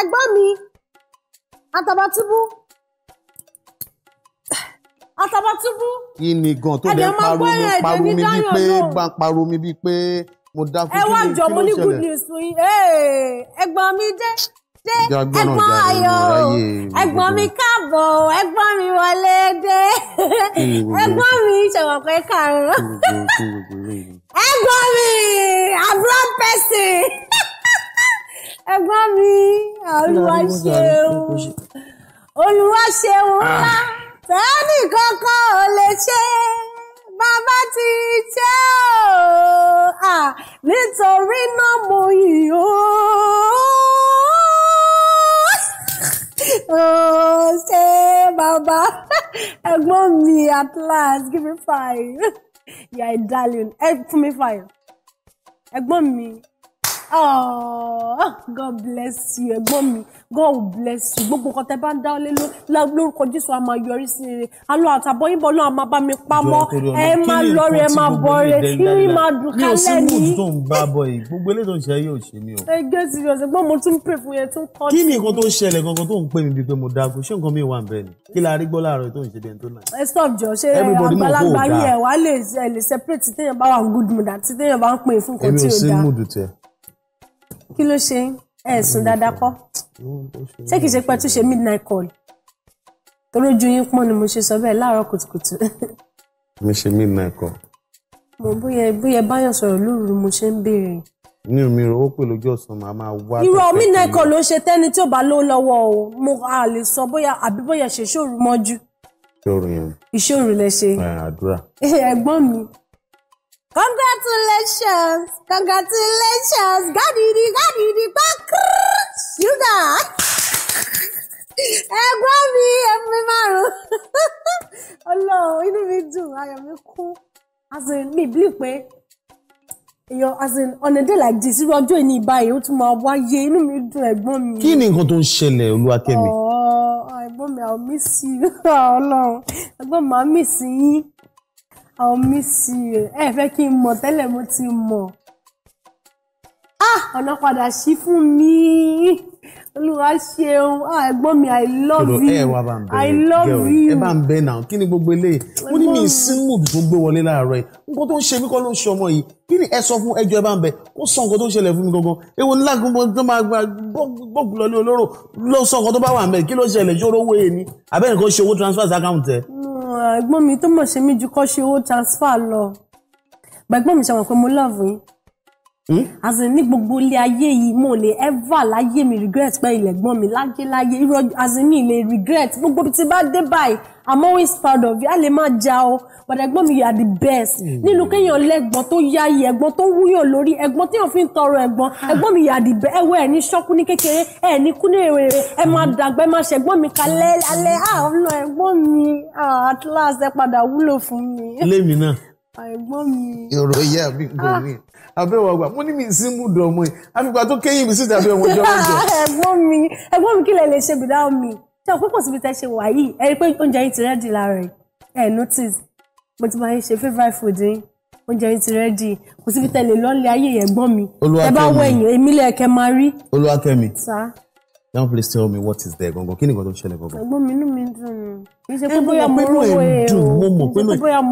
ẹ̀gbọ́n mi Àtàbàtúbú Àtàbàtúbú. kí ni gan tó bẹ parú mi parú mi bíi pé bá parú mi bíi pé mo dákú kí ni kí ló ṣẹlẹ̀. ẹ wá jọ mo ní good news fún yín ẹ̀gbọ́n mi dé dé ẹ̀gbọ́n ayọ̀ ẹ̀gbọ́n mi káàbọ̀ ẹ̀gbọ́n mi wọlé dé ẹ̀gbọ́n mi ṣèwọpẹ kàrọ ẹ̀gbọ́n mi. olúwa ṣeun olúwa ṣeun ńlá ah. tẹ́nì kankan ò lè ṣe bàbá ti ṣe ọ́ ah, nítorí náà mo yìn ọ́ ṣe bàbá ẹ̀gbọ́n mi at last give me five you are a darling ẹ fún mi five ẹ̀gbọ́n mi. Oh, God bless you, ẹ̀gbọ́n mi. God bless you. Gbogbo nǹkan tẹ́ bá ń dá lé lórúkọ Jésù a máa yọrí sí rere. Àlọ́ àtàbọ̀ yín bọ̀ náà máa bá mi pamọ́. Ẹ máa lọ́ọ̀rẹ́ ẹ máa bọ̀ọ̀rẹ́. Irí máa dùn kálẹ̀ ní. Mi ò sí mood tó ń bá bọ̀ yìí. Gbogbo eléyìí tó ń ṣe ayé ò ṣe mí o. Ẹgbẹ́ ti yọ̀ ṣùgbọ́n mo tún pè fún yẹn tó ń kọ́ sí. Kí ni nǹkan tó ń ṣẹlẹ̀ gangan tó ń pè mí bíi pé mo dáko? Ṣé nǹkan mi wà ń bẹ̀ ni? Kí la rí gbọ́ láàárọ̀ tó ń ṣe bẹ́ẹ̀ tó náà? Ẹ stop jọ ṣé àgbàlagbà yìí ẹ̀ wá lè separate téèyàn bá wà good mood àti téèyàn bá ń pè fún nǹkan tí ò dáa. Èmi ò sí mood tẹ kí ló ṣe ẹ sùn dáadáa kọ́ ṣé kìí ṣe pé tún ṣe midnight call torójú yín pọ́n ni mo ṣe sọ bẹ́ẹ̀ láàárọ̀ kùtùkùtù. mi ṣe midnight call. mo bóyá bóyá báyọ̀ sọ̀rọ̀ lóru mo ṣe ń béèrè. ní omi ìrọwó pè lójú ọ̀sán màá máa wá. irọ́ midnight call ló ṣe tẹ́ni tí ò bá lówó lọ́wọ́ o mo à lè sọ bóyá àbí bóyá ṣe ṣòru mọ́jú. ìṣòro yẹn. ìṣòro lẹ ṣe. àdúrà. ẹ̀gbọ́n mi Congratulations! Congratulations! Gàdìdì gàdìdì pa kúrú ṣúgà. Ẹ̀gbọ́n mi ẹ̀mí márùn-ún. Ọlọ́run inú mi dùn, ayọ̀ mi kún. As in mi believe pé èèyàn as in on a day like this irú ọjọ́ ìní ìbáyìí ó tún máa wáyé inú mi dùn ẹ̀gbọ́n mi. Kí ni nǹkan tó ń ṣẹlẹ̀ Olúwakẹ́mi? Ẹ̀gbọ́n mi, I'll miss you. Ọlọ́run ẹ̀gbọ́n mi, I'll miss yín. I'll miss you. Ẹ fẹ́ kí n mọ̀ tẹ́lẹ̀ mo ti mọ̀. Ah! Ọ̀nà padà ṣí fún mi. Olúwa ṣeun. Ah! Ẹ̀gbọ́n mi, I love you. I love you. Ẹ bá ń bẹ̀ náà. Kí ni gbogbo eléyìí? Ó ní mi sí mood tó gbé wọlé láàárọ̀ yìí. Nǹkan tó ń ṣe mí kọ́ ló ń ṣe ọmọ yìí. Kí ni ẹ sọ fún ẹjọ́ ẹ bá ń bẹ̀? Ó sọ nǹkan tó ń ṣẹlẹ̀ fún mi gangan. Ewo ńlá gbogbo tó máa gba gbọ́gbùlọ́lé olóró ló sọ nǹkan tó bá wà ń bẹ̀. Kí ló ṣẹlẹ̀? Ṣé transfer account ẹ̀gbọ́n mi tó mọ̀ ṣe mí ju kọ́ ṣe owó transfer lọ gbẹ̀gbọ́n mi ṣe mọ̀ pé mo love yín Hmm? as in ní gbogbo ilé ayé yìí mo lè ever láyé mi regret pé ilẹ̀gbọ́n mi láyé láyé irọ́ as in mi lè regret gbogbo tí bá dé báyìí i'm always proud of you a lè máa ja o but ẹ̀gbọ́n mi you are the best hmm. nínú kéèyàn lẹ́gbọ́n tó yáyì ẹ̀gbọ́n tó wúyàn lórí ẹ̀gbọ́n téèyàn fi ń tọrọ ẹ̀gbọ́n ah. ẹ̀gbọ́n mi you are the best ẹ̀wọ́ ẹ̀ ní ṣọ́kú ní kékeré ẹ̀ ní kú ní èrè ẹ̀ máa hmm. dàgbà ẹ̀ máa ṣẹ̀gbọ́n mi kalẹ̀ alẹ́ ah, àwọn ẹ̀gbọ́n mi ah, at last ẹ padà wúlò fún mi. lémi náà àìgbọ́n mi. ọ̀rọ̀ ìyá mi gbọ́ ah. mi abẹ́wò àgbà mo ní mi sí mú dùn ọmọ yìí àfipá tó kéyìn mi síta bí ọmọ ìjọ mẹ́jọ. ẹ̀gbọ́n mi ẹ̀gbọ́n mi kí lẹ lè ṣe bìdá mi ṣé o púpọ̀ síbi tẹ́ ṣe wà yìí ẹ rí i pé oúnjẹ yìí ti rẹ́dì lára ẹ̀ ẹ̀ notice mo ti máa ń ṣe favourite food yín oúnjẹ yìí ti rẹ́dì kò síbi tẹ́ lè lọ́ọ́lẹ̀ ayé ẹ̀gbọ́n mi ẹ bá wọ ẹ̀yìn èmi lẹ́ẹ̀kẹ́ now please tell me what is there Gongo, kini ni nǹkan gongo. ṣẹlẹ̀ gangan. ẹ̀gbọ́n mi inú mi dùn ni. ẹ bóyá mo rò ẹ o mo mọ̀ pé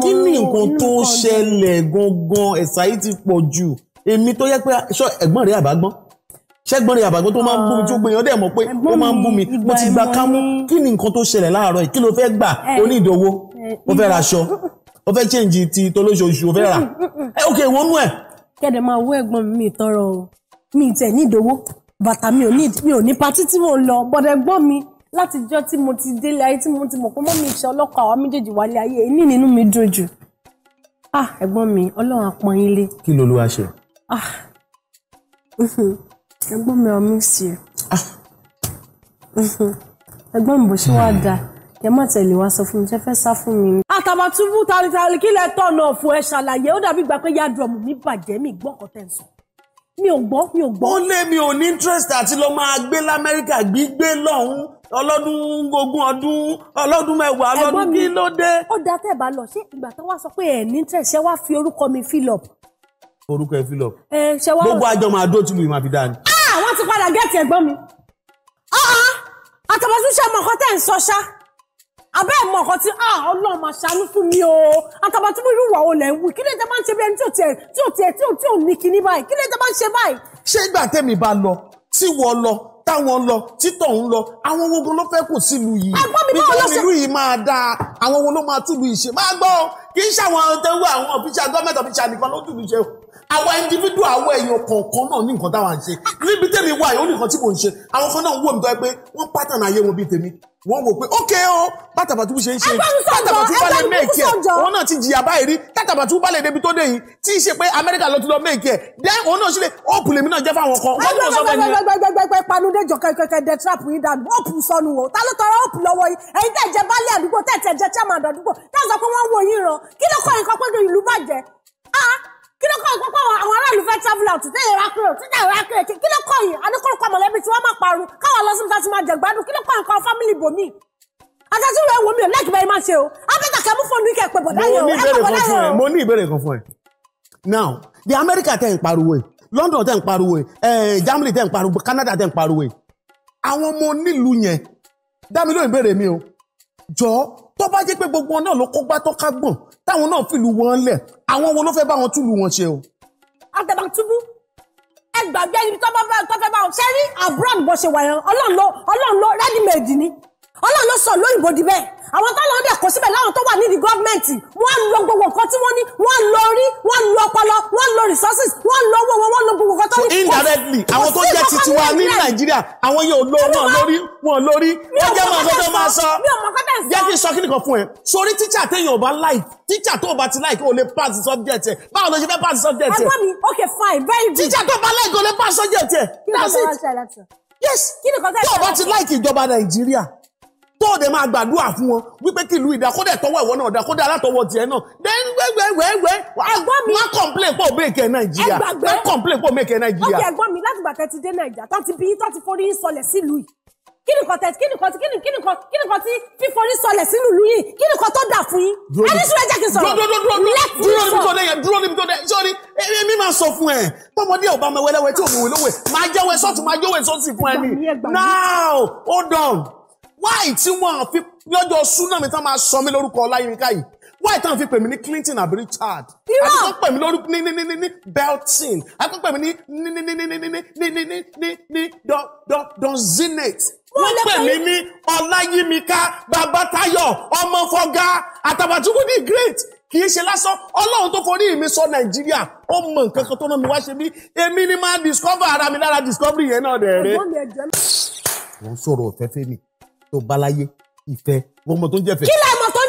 kí ni nǹkan tó ṣẹlẹ̀ gangan ẹ̀sà yìí ti pọ̀ jù èmi tó yẹ pé ẹ̀gbọ́n rẹ̀ àbágbọ́n ṣẹ́gbọ́n rẹ̀ àbágbọ́n tó máa ń bú mi tó gbìyànjú dẹ̀ mọ̀ pé ó máa ń bú mi mo ti gba kámú kí ni tó ṣẹlẹ̀ láàárọ̀ yìí kí ló fẹ́ gbà onídòwó ó fẹ́ raṣọ ó fẹ́ change ti tolóṣooṣù ó fẹ́ rà ẹ ok wọnú ẹ. kẹ́dẹ̀ máa wọ ẹ̀gbọ́n mi tọrọ mi tẹ̀ nídòwó bàtà mi ò ní mi ò ní patí tí mò ń lọ bọ̀dẹ̀ gbọ́ mi láti jọ́ tí mo ti délé ayé tí mo ti mọ̀ pé mọ́ mi ìṣe ọlọ́kọ̀ àwa méjèèjì wálé ayé èyí nínú mi dùn jù ah ẹ̀gbọ́n mi ọlọ́run apọ̀ yín lé. kí ló ló wá ṣe. ah mhm, ẹ̀gbọ́n mi ò mí sí ẹ. ẹ̀gbọ́n mi bó ṣe wá hmm. da ẹ má tẹ̀lé wá sọ fún mi ṣe fẹ́ sá fún mi. àtàbàtúbù ah, talitali kí lẹ tọ̀nà ọ̀fọ̀ ẹ ṣàlàyé ó dàbí gbà pé yá dùrọ̀mù mi bàjẹ́ mi gbọ́kọ̀ tẹ̀ ń sọ mi ò gbọ́ mi ò gbọ́. ó lé mi ò ní interest àti lọ máa gbé lamẹ́ríkà gbígbé lọ́hún ọlọ́dún ogún ọdún ọlọ́dún mẹ́wàá ọlọ́dún kí ló dé. ó da tẹ́ ẹ̀ bá lọ ṣé ìgbà tó wá sọ pé ẹ̀ ní interest ṣé wá fi orúkọ mi fill up. orúkọ ẹ fill up. ẹ ṣe wá. gbogbo àjọ máa dó tìlú ìmọ̀ àbídá ni. àwọn ah, ti padà gẹ́ẹ̀tì ẹ̀gbọ́n mi. Ah, ah, àtọ̀mọ̀tún ṣe ọmọ kan tẹ̀ ń sọ ṣá abẹ́ ẹ̀ mọ̀ nǹkan tí ah ọlọ́run máa ṣàánú fún mi o àtàbàtúbú irú ìwà olè ń wù kí lè jẹ́ máa ń ṣe bí ẹni tí ò tiẹ̀ tí ò tiẹ̀ tí ò tí ò ní kinní báyìí kí lè jẹ́ máa ń ṣe báyìí. ṣé ìgbà tẹ́mi bá lọ tí wọ́n lọ táwọn lọ títọ̀ ń lọ àwọn ogun ló fẹ́ kù sílùú yìí nígbà nílùú yìí máa dáa àwọn ogun ló máa túlù ìṣe máa gbọ́ kì í ṣàwọn tẹ́wọ́ àwọn ọ̀fíṣà gọ́ọ̀mẹ̀tì ọ̀fíṣà nìkan ló túlù ìṣe àwọn individual àwọn èèyàn kọ̀ọ̀kan náà ní nǹkan táwọn à ń ṣe níbi tèmi wà yìí ó ní nǹkan tí mò ń ṣe àwọn kan náà ń wò mí tọ́ pé wọ́n pátánà ayé wọn bíi tèmi wọ́n wò pé ok o bàtàbàtúbú ṣe ń ṣe bàtàbàtúbú bá lè méèkì ẹ̀ òun náà ti jìyà báyìí rí bàtàbàtúbú bá lè débi tó dé yìí tí í ṣe pé amẹ́ríkà ló ti lọ méèkì ẹ̀ then òun náà ṣe lè hope lèmi náà jẹ́ fáwọn kan wọ́n ti mọ̀ sọ́fẹ́ yẹn. gbẹgbẹgbẹgbẹ panudé jọ kẹkẹkẹ dẹ trap yìí dànù hope sọnù o ta ló tọrọ hope lọ́wọ́ yìí ẹ̀yin tẹ́ jẹ baálé àdúgbò tẹ́ tẹ́ jẹ chairman àdúgbò tẹ́ sọ pé wọ́n wo yín ràn kí ló kọ́ ìpọ́pọ́ àwọn aráàlú fẹ́ travel out tẹ́ ìrà kúrò títà ìrà kúrò kí ló kọ́ yìí adékòrò pa mọ̀lẹ́bí tí wọ́n máa parun káwọn lọ síbi láti máa jẹ̀gbádùn kí ló kọ́ nǹkan fámìlì bòmí. àtàtì ìwé wo mi ò lẹ́kìí bẹ́ẹ̀ máa ṣe o abẹ́ta kẹ́mú fóònù kẹ́ pé bọ̀dá yẹn o ẹ̀ pọ̀ bọ̀dá yẹn o. mo ní ìbéèrè kan fún ẹ now the America tẹ́ ń pariwo ẹ̀ London tẹ́ ń pariwo eh, Germany tẹ́ ń Canada tẹ́ ń pariwo ẹ̀ àwọn ọmọ onílùú yẹn dá mi lóyún ìbéèrè mi o jọ tó bá jẹ́ pé gbogbo náà ló táwọn náà fìlú wọn lẹ̀ àwọn wo ló fẹ́ bá wọn túlù wọn ṣe o. àtẹ̀bàtúbú ẹ gbàgbé ibi tó fẹ́ bá wọn ṣe rí abroad bó ṣe wà yẹn ọlọ́run ló ready made ni ọlọ́run ló sọ lóyìnbó di bẹ́ẹ̀ àwọn tó lọ́ọ́ dẹ̀ kó síbẹ̀ láwọn tó wà nídìí gọ́ọ̀mẹ̀ntì wọ́n lọ gbogbo nǹkan tí wọ́n ní wọ́n lọ rí wọ́n lọ ọpọlọ wọ́n lọ resources wọ́n lọ owó wọn wọ́n lọ gbogbo nǹkan tó ní. indirectly àwọn tó jẹ́ titi wa ní nàìjíríà àwọn yóò lọ wọn lórí wọn lórí wọ́n jẹ́ máa sọ́jọ́ máa sọ jẹ́ kí n sọ kíni kan fún ẹ sórí tíṣà téèyàn ò bá like tíṣà tó o bá ti like o lè pass the subject ẹ báwo ló ṣe fẹ́ pass the subject ẹ. ẹ̀gbọ́n mi okay fine very good. tíṣà tó o bá like o lè pass the subject ẹ. kí ni kò tẹ́ ẹ ṣe aláṣọ. yes tí o bá ti like ìjọba nàìjíríà tó dẹ̀ máa gbàdúrà fún wọn wípé kí ìlú ìdá kódà tọwọ́ ìwọ náà dá kódà alátọwọ́ tiẹ̀ náà then wẹ́wẹ́wẹ́wẹ́ ẹ̀gbọ́n mi wọ́n complain pọ̀ mẹ́kẹ̀ nàìjíríà ẹgbàgbé wọ́n complain pọ̀ mẹ́kẹ̀ nàìjíríà. ok ẹ̀gbọ́n mi látìgbà tẹ́ ti dé nàìjíríà tó ti bí tó ti forí sọlẹ̀ sílùú yìí kí ni kan tẹ kí ni kan kí ni kí ni kan kí ni kan tí fífọrí sọlẹ̀ sínú ìlú yìí kí ni kan tó dà fún yín ẹni sùn ẹjẹ kì í sọ̀rọ̀ dúró níbi tó dé yẹn dúró níbi tó dé sọrí èmi máa sọ fún ẹ tọmọdé ọba mẹwẹlẹwẹ tí òmùwẹ lówẹ máa jẹwẹ sọtún máa jẹwẹ sọtún fún ẹ ní now hold on wáì tí wọ́n fi lọ́jọ́ súná mi tán máa sọ mí lórúkọ ọláyínká yìí wáì tán fi pè mí ní clinton àbí richard àti tó pè mí lórúkọ ní ní ní ní ní belton àti tó pè mí ní ní ní ní ní ní ní ní ní ní ní ní don don don zenith wọ́n pè mí ní ọláyínmíká babatayo ọmọfọ́gá àtàbàtúkú ní great kì í ṣe lásán ọlọ́run tó forí mi sọ nàìjíríà ó mọ nǹkan kan tó ná mi wá ṣe bí èmi ni máa discover ara mi lára discovery yẹn náà dẹ̀ rẹ́. wọ́n sọ̀rọ̀ ọ̀fẹ́ fẹ́ mi tó bá láyé ìfẹ́ wọ́n tó ń jẹ́fẹ́. kí lẹ́ tó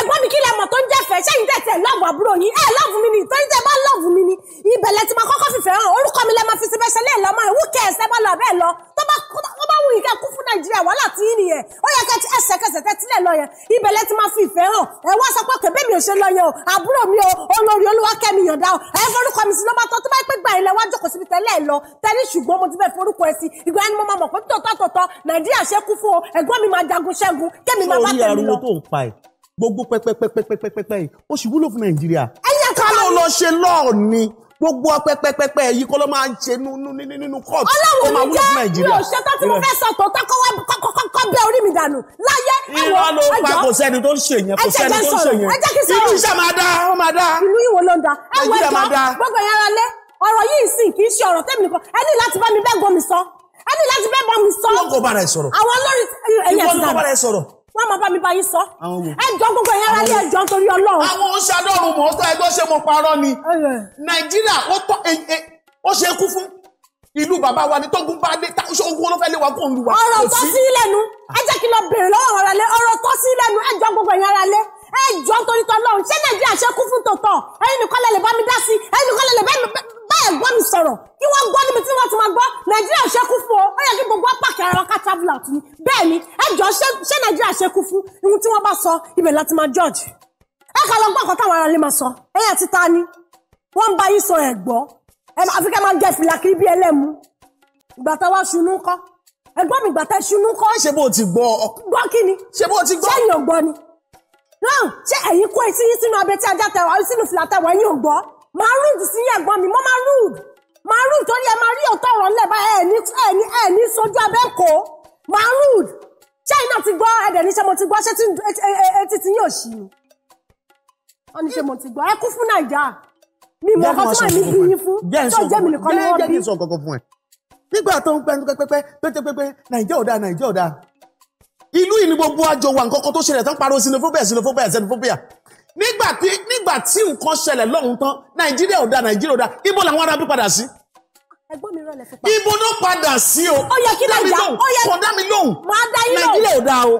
ẹ̀gbọ́n mi kí lẹ mọ̀ tó ń jẹ́fẹ̀ẹ́ ṣẹ́yìn tẹ̀tẹ̀ lọ́ọ̀bù àbúrò yín ẹ̀ lọ́ọ̀bù mi ni ìtọ́jú tẹ bá lọ́ọ̀bù mi ni ìbẹ̀lẹ̀ tí mo kọ́kọ́ fìfẹ́ hàn orúkọ mi lẹ máa fi sí bẹ́sẹ̀ lẹ́ẹ̀ lọ́mọ ẹ̀ wúkẹ́ ẹ̀sẹ̀ bá lọ bẹ́ẹ̀ lọ tó bá wọ́n bá wù yín ká kú fún nàìjíríà wàhálà tí yín nìyẹn ó yẹ kẹ́tí ẹsẹ̀kẹsẹ̀ tẹ́ tílẹ̀ lọ yẹn ìbẹ̀lẹ̀ tí máa fi ìfẹ́ hàn ẹ wá sọ pé kẹ̀bẹ́ mi ò ṣe lọ yẹn o àbúrò mi o olórí olúwa kẹ́mi yọ̀dá o ẹ forúkọ mi sí ló bá tọ́ tó bá pẹ́ gbà ilẹ̀ wá jókòó síbi tẹ́lẹ̀ lọ tẹ́lẹ̀ ṣùgbọ́n mo ti fẹ́ forúkọ ẹ sí ìgbà ẹni mo máa mọ̀ pé tòótọ́ tòótọ́ nàìjíríà ṣe kú fún o ẹ̀gbọ́n mi máa jagun ṣẹ́gun kẹ́mi máa bá tẹ̀lé lọ gbogbo pẹpẹpẹpẹpẹpẹ yìí ó sì wúlò fún nàìjíríà. ká ló lọ ṣe lọ́ọ̀ ni gbogbo pẹpẹpẹpẹ yìí kọ́ ló máa ń ṣe nínú court ó máa wúlò fún nàìjíríà. ọlọ́run mi jẹ́ mi ò ṣetán tí mo fẹ́ sọ tòótọ́ kọ́ bẹ́ orí mi dànù láyé ẹ̀wọ̀n àjọ ìwọ ló pa kò sẹ́ni tó ń ṣe yẹn kò sẹ́ni tó ń ṣe yẹn ìlú iṣẹ́ máa dá ó máa dá ìlú ìwọ ló ń da ẹ̀wọ̀n ẹ̀jọ̀ gbogbo yàrá lé ọ̀rọ̀ yìí sìn kì í ṣe ọ̀rọ̀ mi bẹ́ẹ̀ gbọ́ mi sọ ẹ ní láti bẹ́ẹ̀ mi sọ. ìwọ kò bára ẹ sọ̀rọ̀. àwọn olórí ẹ̀yẹ ti wọ́n máa bá mi bá yín sọ. ẹjọ́ gbogbo ẹ̀yà ara ní ẹjọ́ torí ọlọ́run. àwọn oṣàdọ́rùn mọ̀ ọ́tọ́ ṣe mo parọ́ ni. nàìjíríà ó tọ́ ó ṣe kú fún ìlú bàbá wa ni tọ́gùn bá dé ogun olófẹ́ lé wa kó ń lu wa. ọ̀rọ̀ tó sí lẹ́nu ẹ jẹ́ kí n lọ béèrè lọ́wọ́ àwọn aráalé ọ̀rọ̀ tó sí lẹ́nu ẹjọ́ gbogbo ẹ̀yà ara lé ẹjọ́ torí tọ́lọ́run ṣé nàìjíríà ṣe kú fún tòótọ́ ẹ̀yin nìkan lẹ lè bá mi dá sí ẹ̀yin nìkan lẹ lè bá mi bá ẹ̀gbọ́n mi sọ̀rọ̀ kí wọ́n gbọ́ níbi tí wọ́n ti máa gbọ́ nàìjíríà ṣẹ́kù fún ọ ó yẹ kí gbogbo apákẹ́ ara wa ká travel out ni bẹ́ẹ̀ ni ẹ jọ ṣé nàìjíríà ṣẹ́kù fún ihun tí wọ́n bá sọ ibẹ̀ láti máa judge ẹ ká lọ gbọ́ ọ̀kan táwọn ará lè máa sọ ẹ̀yà títa ni wọ́n ń bá yín sọ ẹ̀gbọ́ àfi ká máa jẹ fìlà kiri bí ẹlẹ́mu ìgbà tá wá ṣunú kọ́ ẹ̀gbọ́n mi ìgbà tá ṣunú kọ́. ṣé bó ti gbọ́ ọ. gbọ́ kí ni. ṣé bó ti gbọ́. sẹ́yìn ò gbọ́ ni. náà ṣé ẹ̀yin kó etí yín sínú abẹ́tí ajá tẹ̀wọ̀ sínú fìlà tẹ̀wọ̀ ẹ̀yin ò gbọ́ máa rude sí ẹ̀gbọ́n mi mo máa rude máa rude torí ẹ máa rí ọ̀tọ̀ ọ̀rọ̀ ńlẹ̀ bá ẹ̀ ní ẹ̀ ní ẹ̀ ní sojú abẹ́kọ̀ máa rude ṣé iná ti gbọ́ ẹ̀dẹ̀ níṣẹ́ mo ti gbọ́ ṣé etí ti yín ò ṣí ni wọ́n mo ti gbọ́ ẹ kú fún nàìjà mi mọ̀ ọkọ tí wọ́n mi bí yín fún tó jẹ́ mi nìkan ni wọ́n bí. jẹ́ kí n sọ kọ̀ọ̀kan fún ẹ nígbà tó ń pẹ́ńtú pẹ́pẹ́pẹ́ pẹ́ńtẹ́pẹ́pẹ́ nàìjà ò dáa nàìjà ò dáa ìlú yìí ni gbogbo àjọ wa nǹkan kan tó ṣẹlẹ̀ tán pariwo xenophobia xenophobia xenophobia nígbà tí nígbà tí nǹkan ṣẹlẹ̀ lọ́hùn tán nàìjíríà ò da nàìjíríà ò da ibo làwọn arábí padà sí. ẹ̀gbọ́n mi rọlẹ̀ fipá. ibo ló padà sí o. ó yẹ kí lè dá ó yẹ kí kọ̀dá mi lóhùn. mo á dá yín lóhùn nàìjíríà ò da o.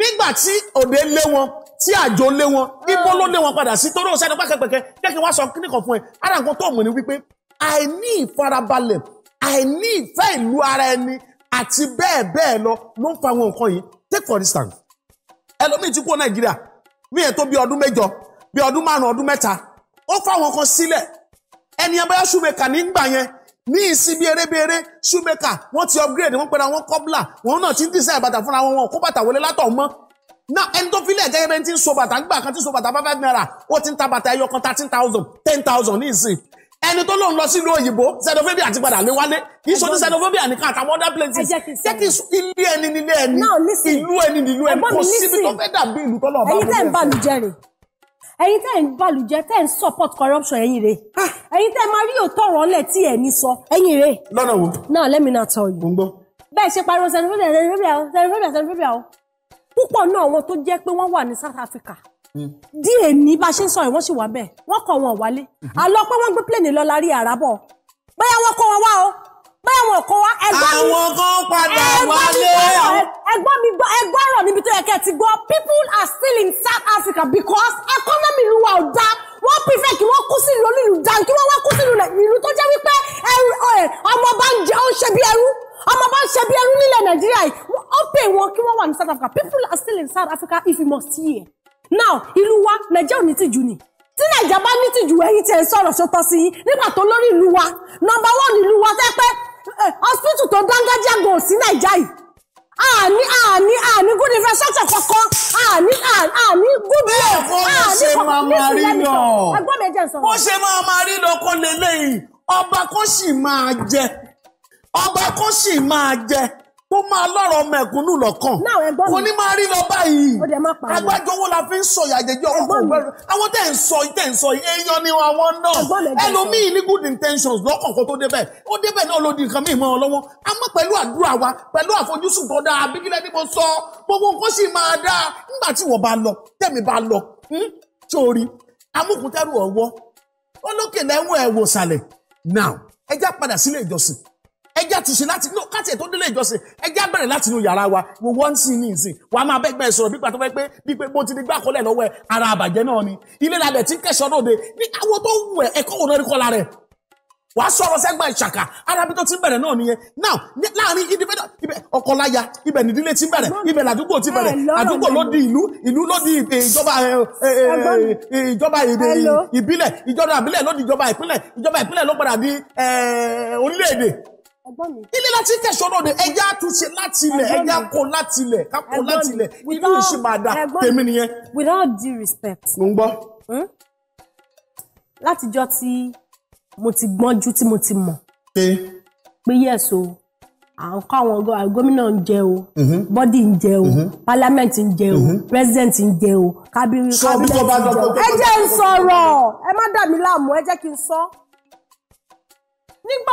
nígbà tí òde lé wọn tí àjò lé wọn ibo ló lé wọn padà sí torí òsèlú pàkẹpẹkẹ jẹ́ kí wọ́n sọ kíníkan fún ẹ ara nǹkan tó mọ̀ ni wípé àìní ìfarabalẹ̀ àìní ìfẹ́ ìlú ara ẹni bí ọdún márùn ọdún mẹ́ta ó fáwọn kan sílẹ̀ ẹni abẹ́yà ṣùgbẹ́ka nígbà yẹn ní ìsìn bí erébèrè ṣùgbẹ́ka wọ́n ti upgrade wọ́n pẹ̀lú àwọn kọ́bùlà wọn náà ti ń dísẹ́ àbàtà fúnra wọn wọn kó bàtà wọlé látọ̀ mọ́ náà ẹni tó filẹ̀ gẹ́gẹ́ bẹ́ẹ̀ ti ń so bàtà nígbà kan ti ń so bàtà five naira ó ti ń ta bàtà ẹyọ kan thirteen thousand ten thousand ní ìsìn ẹni tó lóun lọ sílùú òyìnbó xenophobia ti padà lé wálé kì í sọ ní xenophobia nìkan àtàwọn other places jẹ́ kí ilé ẹni nílé ẹni ìlú ẹni nílùú ẹni kò síbi tó fẹ́ dàbí ìlú tó lọ́ọ́ bá wọlé. ẹ̀yin tẹ́ ń bá mi jẹ́rìí ẹ̀yin tẹ́ ń bàlùjẹ́ tẹ́ ń support corruption ẹ̀yin rè ẹ̀yin tẹ́ máa rí òótọ́ ọ̀rọ̀ lẹ̀ tí ẹ̀ ní sọ ẹ̀yin rè. lọ́nà wo. now let me now tell you. mo ń gbọ́. bẹ́ẹ̀ ṣe pariwo xenophobia xenophobia xenophobia xenophobia o púpọ̀ náà wọn tó jẹ́ pé wọ́n wà ní South Africa hmm. díẹ̀ ní bá a ṣe ń sọ yìí wọ́n sì wà bẹ́ẹ̀ wọ́n kọ̀ wọn wálé àlọ́ hmm. pé wọ́n gbé pléènì lọ lárí àràbọ̀ bóyá wọ́n kó wọn wá o bóyá wọn kó wá ẹgbẹ́ mi. àwọn kan ẹgbọ́n mi gbọ́ ẹgbọ́rọ̀ níbi tó yẹ kẹ́ ti gbọ́ people are still in South Africa because economy ìlú wa ò dá wọ́n prefer kí wọ́n kú sí ìlú onílù dan kí wọ́n wá kú sí ìlú tó jẹ́ wípé ọmọ bá ń jẹ ó ń ṣe bí ẹrú ọmọ bá ń ṣe bí ẹrú nílẹ̀ Nàìjíríà yìí ó pè wọn kí wọ́n wà ní South Africa people are still in South Africa if you must hear now ìlú wa Nàìjíríà ò ní tìjú ni tí nàìjà bá ní tìjú ẹ̀yin tí ẹ sọ̀rọ̀ ṣọtọ sí yín nígbà tó lórí ìlú wa nọ́mbà wọn ìlú wa tẹ pé hospital tó dángájá gò sí Nàìjíríà yìí àní àní àní good infrastructure kankan àní àní good law àní kankan ẹgbọ́n mi jẹ́ sọ̀rọ̀. bó ṣe máa máa rí lọ́kọ́ lélẹ́yìn ọba kó sì máa jẹ ọba kó sì máa jẹ kó máa lọ́rọ̀ ọmọ ẹ̀kúnnù lọ́kàn kò ní máa rí lọ báyìí agbájọ owó la fi ń sọ ìyàjẹjẹ ọkọ̀ ògbẹ́rù àwọn tẹ̀ ń sọ tẹ̀ ń sọ èèyàn ni àwọn náà ẹlòmíì ní good intentions lọ́kàn kó tó débẹ̀ ó débẹ̀ náà ló di nǹkan míì mọ́ ọ lọ́wọ́ àmọ́ pẹ̀lú àdúrà wa pẹ̀lú àfojúsùn tó dáa bíkílẹ̀ ni mo sọ gbogbo nǹkan sì máa dáa nígbà tí wọ́n bá lọ tẹ̀mí bá lọ sórí hmm, amúkútẹ́rù ọ̀wọ́ olókè lẹ́wọ̀n ẹ̀wòsàlẹ̀ now ẹ já padà sílé ìjọsìn ẹjẹ́ ti ṣe láti no káti ètò délé ìjọsìn ẹjẹ́ bẹ̀rẹ̀ láti inú yàrá wa wo wọ́n ń sìn ní ìsìn wàá máa bẹ́ẹ̀ bẹ́ẹ̀ sọ̀rọ̀ bí pàtó pé bí pé bó ti di gbàkọ́lẹ̀ lọ́wọ́ ẹ ara àbàjẹ́ náà ni ilé lálẹ́ tí ń kẹ́sọ̀ lóde ní àwọn tó wù ẹ ẹ̀kọ́ wò náà rí kọ́la rẹ̀ wàá sọ̀rọ̀ sẹ́gbà ìṣàkà arábí tó ti bẹ̀rẹ̀ náà nìyẹn now láàrin ìdíbẹ̀dọ̀ ibẹ̀ ọkọláya ibẹ̀ nídìílé ti ń bẹ̀rẹ̀ ibẹ̀ làdúgbò ti bẹ̀rẹ̀ àdúgbò ló di ìlú ìlú ló di ìjọba ìjọba ìbílẹ̀ ìjọba ìbílẹ̀ ló di ìjọba ìpínlẹ̀ ìjọba ìpínlẹ̀ ló padà di orílẹ̀-èdè ilé láti tẹ̀sọ́rọ̀ ni ẹja àtúnṣe láti ilẹ̀ ẹja kó láti ilẹ̀ ká kó láti ilẹ̀ ìlú ìṣìbàdà tèmi nìyẹn. without due respect. mo ń gbọ́. Hmm? látijọ́ tí mo ti gbọ́njú tí mo ti mọ̀. ṣé. pé yẹ́sọ à ń kọ́ àwọn gómìnà ń jẹ o mhm. bọ́dì ń jẹ o mhm. parliament ń jẹ o mhm. president ń jẹ o kábírì cabinet ń jẹ o ẹ jẹ́ n sọ̀rọ̀ ẹ má dà mí láàmú ẹ jẹ́ kí n sọ. nígbà